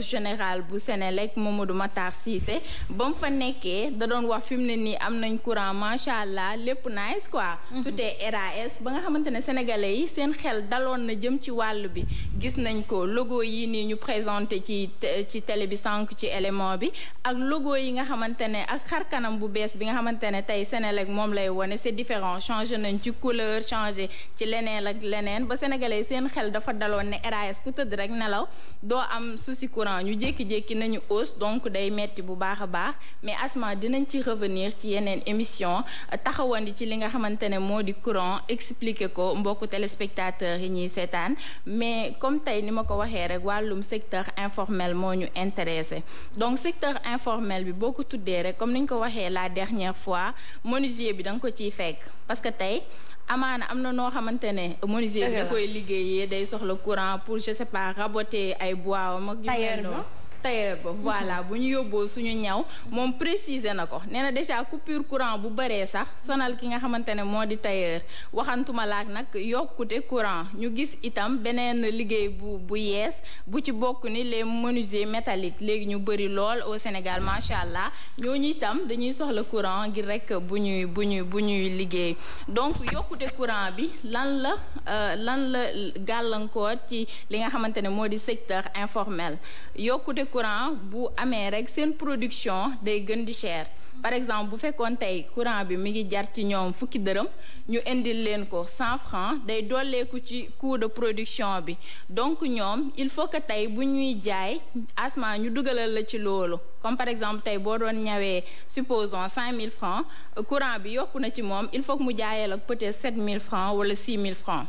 général bu moom Mamadou Matar Cissé ba mu fa nekkee da doon wax fi mu ne nii am nañ courant macha allah lépp nice quoi. Mhm. tout est RAS ba nga xamante ne sénégalais yi seen xel daloon na jëm ci wàll bi gis nañ ko logo yi nii ñu présenté ci ci télé bi sànq ci élément bi ak logo yi nga xamante ne ak xar kanam bu bees bi nga xamante ne tey Senelec moom lay wone c'est différent changé nañ ci couleur changé ci leneen ak leneen ba sénégalais yi seen xel dafa daloon ne RAS ku tëdd rek nelaw courant ñu jékki-jékki nañu hausse donc day metti bu baax a baax mais asma dinañ ci revenir ci yeneen émission taxawandi ci li nga xamante ne moo di courant expliquer ko mbokku téléspectateurs yi ñuy seetaan mais comme tey ni ma ko waxee rek wàllum secteur informel moo ñu intéressé donc secteur informel bi boo ko tuddee rek comme ni ñu ko waxee la dernière fois menuisier bi danga ko ciy fekk parce que tey amaana am na noo xamante ne menuisier bi da koy liggéeyee day soxla courant pour je sais raboter ay bois am ak. tailleur tailleur ba mhm. voilà bu ñu yóbboo suñu ñaw moom préciser na ko nee na déjà coupure courant bu bëree sax sonal ki nga xamante ne moo di tailleur waxantuma laak nag yokkute courant ñu gis itam beneen liggéey bu bu yees bu ci bokk ni les menuisiers métalliques léegi ñu bëri lool au Sénégal macha allah ñooñu itam dañuy soxla courant ngir rek bu ñuy bu ñuy bu ñuy liggéey donc yokkute courant bi lan la euh, lan la gàllankoor ci li nga xamante ne moo di secteur informel yokkute coupé courant bu amee rek seen production day gën di cher par exemple bu fekkoon tey courant bi mu ngi jar ci ñoom fukki dërëm ñu indil leen ko cent francs day dolleeku ci coût de production bi donc ñoom il faut que tey bu ñuy jaay asma ñu dugalal la ci loolu comme par exemple tey boo doon ñawee supposons cinq mille francs courant bi yokku na ci moom il faut que mu jaayee la peut-être mille francs wala six mille francs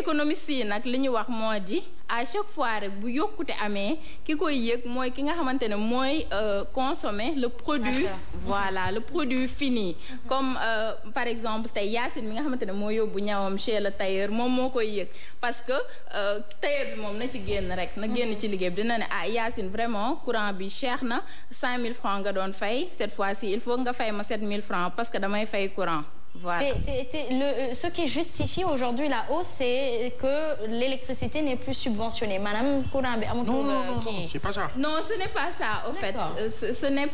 économiste yi nag li ñu wax moo di à chaque fois rek bu yokkute amee ki koy yëg mooy ki nga xamante ne mooy euh, consommer le produit voilà le produit fini comme euh, par exemple tey Yacine mi nga xamante ne moo yóbbu ñawam chez le tailleur moom moo koy yëg parce que euh, tailleur bi moom na ci génn rek na génn ci liggéey bi dina ne ah Yacine vraiment courant bi cher na cinq mille francs nga doon fay cette fois-ci il faut nga fay ma sept mille francs parce que damay fay courant Voilà. T'es, t'es, t'es, euh, ce qui justifie aujourd'hui la hausse, c'est que l'électricité n'est plus subventionnée. Madame Kourambe, non, non, euh, non, qui... non, ce n'est pas ça, au euh, Ce, n'est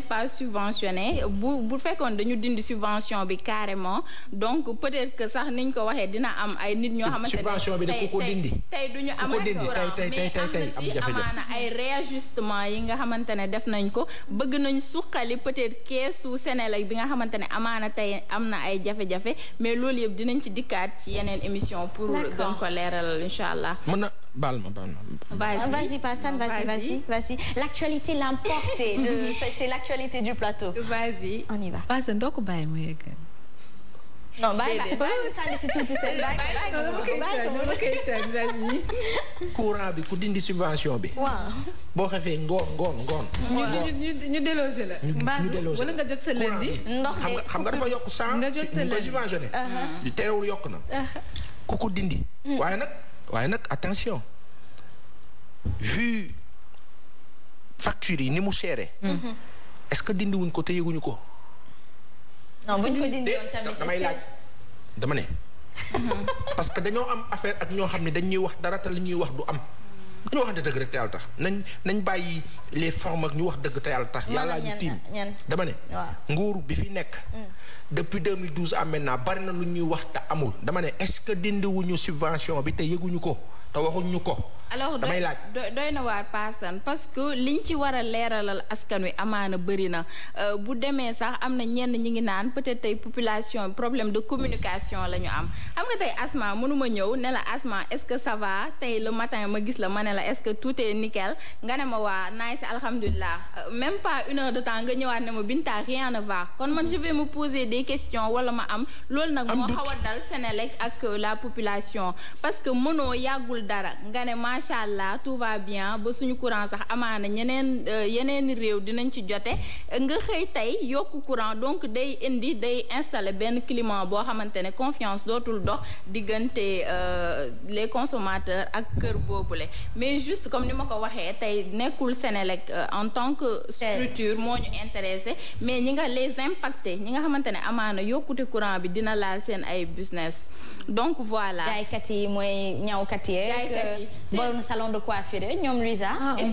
pas que bu bu fekkoon dañu dindi subvention bi carrément donc peut-être que sax niñ ko waxee dina am ay nit ñoo xamante ne. subvention bi dañ ko dindi. tey duñu am tey tey tey am jafe am na si amaana ay réajustement yi nga xamante ne def nañ ko bëgg nañ suqali peut-être keesu Sénélec bi nga xamante ne amaana tey. am na ay jafe-jafe mais loolu yëpp dinañ ci dikkaat ci yeneen émission pour gën ko leeral incha allah mën na baal ma baal ma vas-y Passane vas-y vas-y vas-y l'actualité l'emporte euh, c'est l'actualité du plateau vas-y on y va Passane doo ko bàyyi mu yegg non bàyyi bàyyi bàyyi sànni si tuuti seen bàyyi courant bi ku dindi subvention bi. waaw boo xefee ngoon ngoon ngoon. ñu ñu délogé la. ñu délogé nga jot sa lundi. ndox de xam nga dafa yokk sang. nga jot sa lundi ñu ko uh-huh. yokk na. Uh-huh. ku ko dindi. Mm. waaye nag waaye nag attention vu facture yi ni mu seere mm-hmm. est-ce que dindiwuñ ko te yëguñu ko. non buñ ko dindi woon damay laaj dama ne. parce que dañoo am affaire ak ñoo xam ne dañuy wax dara te ñuy wax du am. ñu waxante dëgg rek te tax nañ nañ bàyyi les formes ak ñu wax dëgg te tax. yàlla ñu tiim dama ne. nguur bi fi nekk. Mm. depuis 2012 à maintenant bari na lu ñuy wax te amul. dama ne est-ce que dindi subvention bi te yëguñu ko te waxuñu ko. alors damay laaj doy na waar paasan parce que li ñu ci war a leeralal askan wi amaana bëri na euh, bu demee sax am na ñenn ñi ngi naan peut-être tey population problème de communication la ñu am xam nga tey Asma mënuma ñëw ne la Asma est-ce que ça va tey le matin ma gis la ma ne la est-ce que tout est nickel nga ne ma waa nice alhamdulilah euh, même pas une heure de temps nga ñëwaat ne ma Binta rien ne va kon man je vais me poser des questions wala ma am loolu nag ma xaw a dal Sénélec ak euh, la population macha allah tout va bien ba suñu courant sax amaana ñeneen euh, yeneen réew dinañ ci jote nga xëy tey yokku courant donc day indi day installer benn climat boo xamante ne confiance dootul dox diggante euh, les consommateurs ak kër le mais juste comme ni ma ko waxee tey nekkul Senelec euh, en tant que structure moo ñu intéressé mais ñi nga les impacté ñi nga xamante ne amaana yokkute courant bi dina laal seen ay business donc voilà. jaaykat yi mooy ñawkat yi. jaaykat yi euh, borom salon de coiffure ñoom Luisa. ah en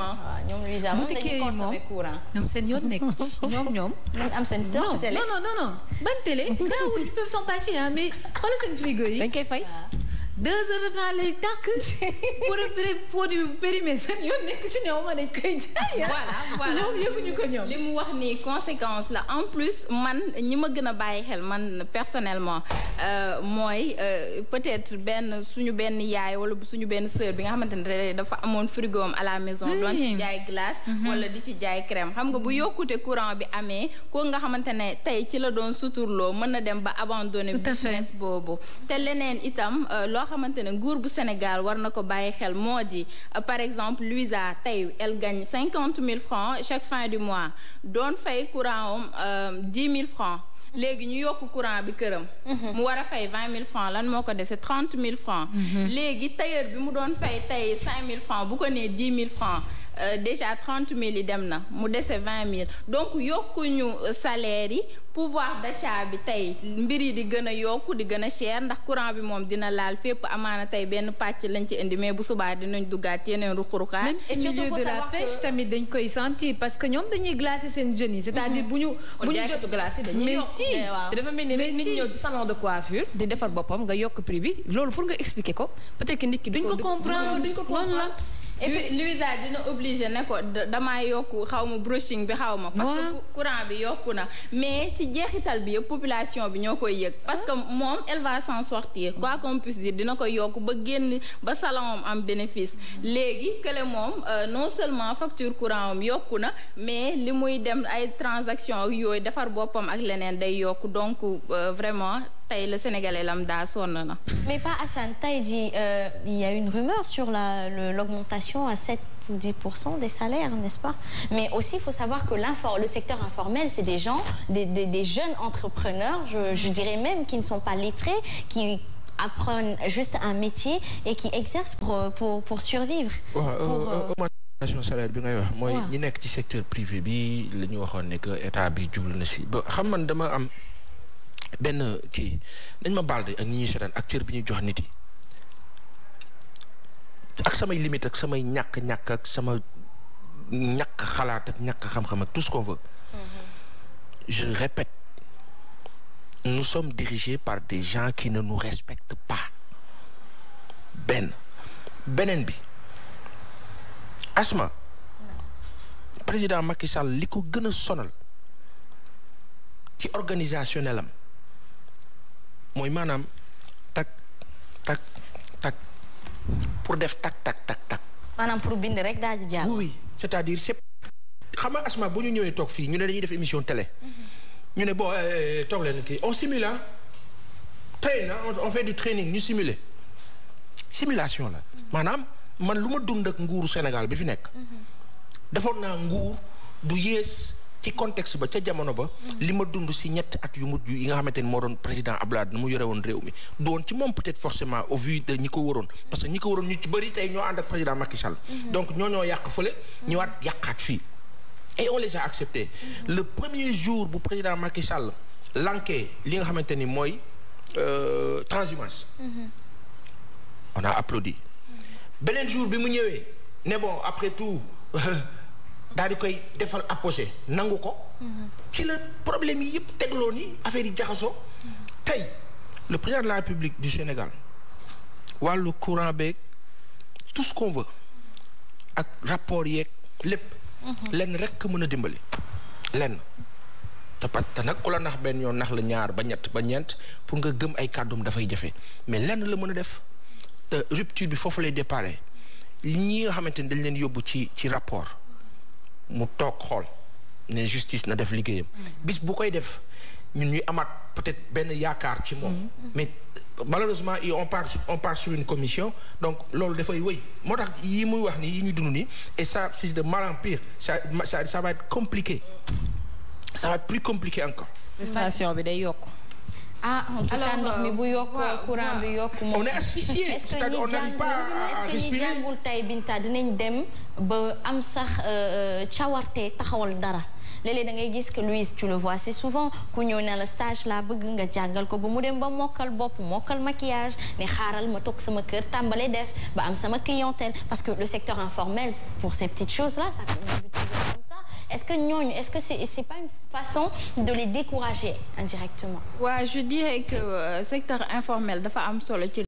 ah, ñoom Luisa moom dañuy consommer courant. ñoom seen yoon nekk ñoom ñoom. ñoom am seen télé non non non non ban télé. gaawul frigo yi dañ koy fay. deux heures de temps lay tàkk produit produit bu périmé seen yoon nekk ci ñoom ma dañ koy jaay voilà voilà li mu wax ni conséquence la en plus man ñi ma gën a bàyyi xel man personnellement euh, mooy euh, peut-être benn suñu benn yaay wala suñu benn sœur bi nga xamante ne dafa amoon frigo à la maison hmm. doon ci jaay glace hmm. wala di ci jaay crème xam nga bu hmm. yokkute courant bi amee ko nga xamante ne tey ci la doon suturloo mën na dem ba abandonné business boobu te leneen itam euh, loo xamante ne nguur bu Sénégal war na ko bàyyi xel moo di par exemple Luisa tey elle gagne cinquante mille francs chaque fin du mois doon fay courant am euh, dix mille francs léegi ñu yokk courant bi këram. Mhm. mu war a fay vingt mille francs lan moo ko dese trente mille francs. Mhm. léegi tailleur bi mu doon fay tey cinq mille francs bu ko nee dix mille francs. Euh, déjà trente mille yi dem na mu dese vingt mille donc yokkuñu euh, salaire yi pouvoir d'achat bi tey mbir yi di gën a yokk di gën a cher ndax courant bi moom dina laal fépp amaana tey benn pàcc lañ ci indi mais bu subaa dinañ duggaat yeneen ruq-ruqaat. même si milieu de la pêche tamit dañ koy sentir parce que ñoom dañuy glacer seen jeunes yi. c'est-à-dire bu ñu mm-hmm. bu ñu jot glacer dañuy yokk mais eh, mel ni nit ñëw ci salon di defar boppam nga yokk prix bi loolu pour nga expliquer ko peut que nit ki duñ ko ko comprendre et puis Luisa dina obligé ne ko damaa yokku xaw ma brushing bi xaw ma. parce que courant bi yokku na mais si jeexital bi yëpp population bi ñoo koy yëg. parce que moom elle va s'en sortir. Mm. quoi qu'on puisse dire dina ko yokk ba génn ba salon am bénéfice. Mm. léegi kële moom euh, non seulement facture courant am yokku na mais li muy dem ay transaction ak yooyu defar boppam ak leneen day yokku donc euh, vraiment. tey le sénégalais lambda sonn na. mais pas Assane tey jii euh, il y a une rumeur sur la le, l'augmentation à 7 ou 10 pour cent des salaires n'est-ce pas mais aussi il faut savoir que l'infor le secteur informel c'est des gens des des des jeunes entrepreneurs je je dirais même qui ne sont pas lettrés qui apprennent juste un métier et qui exercent pour euh, pour pour survivre. Ouais, euh, pour, euh, euh, augmentation salaire bi ngay wax mooy ñi nekk ci secteur privé bi la ñu waxoon ne que état bi jublu na si dama am. benn kii dañ ma baal de ak ñu ñuy seetaan ak cër bi ñuy jox nit yi ak samay limite ak samay ñàkk-ñàkk ak sama ñàkk xalaat ak ñàkk xam-xam ak tout ce qu'on veut mm-hmm. je répète nous sommes dirigés par des gens qui ne nous respectent pas benn beneen bi asma président Macky Sall li ko gën a sonal ci organisationnelam mooy maanaam tak tak tak pour def tak tak tak tak. maanaam pour bind rek daal di jàll. oui c'est-à-dire c'est xam nga asma bu ñu ñëwee toog fii ñu ne dañuy def émission télé. Mhm. ñu ne boo eh, eh, toog leen kii on simule ah. tey na on fait training ñu simuler similation la. Mhm. maanaam man lu ma dund ak nguuru Sénégal bi fi nekk. Mhm. defoon naa nguur du yées. ci contexte ba ca jamono ba. Mm-hmm. li ma dund si ñett at yu mujj yi nga xamante ni moo doon président Abdoulaye Wade mu yore woon réew mi doon ci moom peut-être forcément au vu de ñi ko waroon parce que ñi ko waroon ñu ci tey ñoo ànd ak président Macky Sall. Mm-hmm. donc ñoo ñoo yàq fële mm-hmm. ñëwaat yàqaat fii. et on les a le premier jour bu président Macky Sall lankee li nga xamante ni mooy euh, transhumance. on a applaudi. beneen jour bi mu ñëwee ne bon après tout. daal di koy defal apposé nangu ko. Mm-hmm. ci la problème yi yëpp tegloo ni affaire yi jaxasoo. Mm-hmm. tey le président de la République du Sénégal wàllu courant beeg tout ce qu'on ak rapport yeeg lépp. Mm-hmm. lenn rek mën a dimbali lenn. te pat te nag ku la nax benn yoon nax la ñaar ba ñett ba ñeent pour nga gëm ay kàddum dafay jafe mais lenn la mën a def te rupture bi foofu lay déparé li ñi nga xamante ni dañ leen yóbbu ci ci rapport. mu toog xool ne justice na def liggéeyam. Mm-hmm. bis bu koy def ñun ñuy amaat peut-être benn yaakaar ci moom. Mm-hmm. mais malheureusement on part on part sur une commission donc loolu dafay wëy moo tax yi muy wax ni yi ñu dund nii et ça c'est de mal en pire ça ça ça va être compliqué ça va être plus compliqué encore. frustration bi day yokk. ah en tout ndox mi bu euh, yokk courant bi yokk moom. on est asphyxié est-ce que ñi jàngul est tey Binta dinañ dem ba am sax euh, euh, cawarte taxawal dara. léeg-léeg da ngay gis que Louise tu le vois c'est souvent ku ñëw ne la stage laa bëgg nga jàngal ko ba mu dem ba mokkal bopp mokkal maquillage ne xaaral ma toog sama kër tàmbale def ba am sama clientèle parce que le secteur informel pour ces petites choses là est-ce que ñooñu est-ce que c'est c'est pas une façon de les décourager indirectement waaw ouais, je dirais que euh, secteur informel dafa am solo ci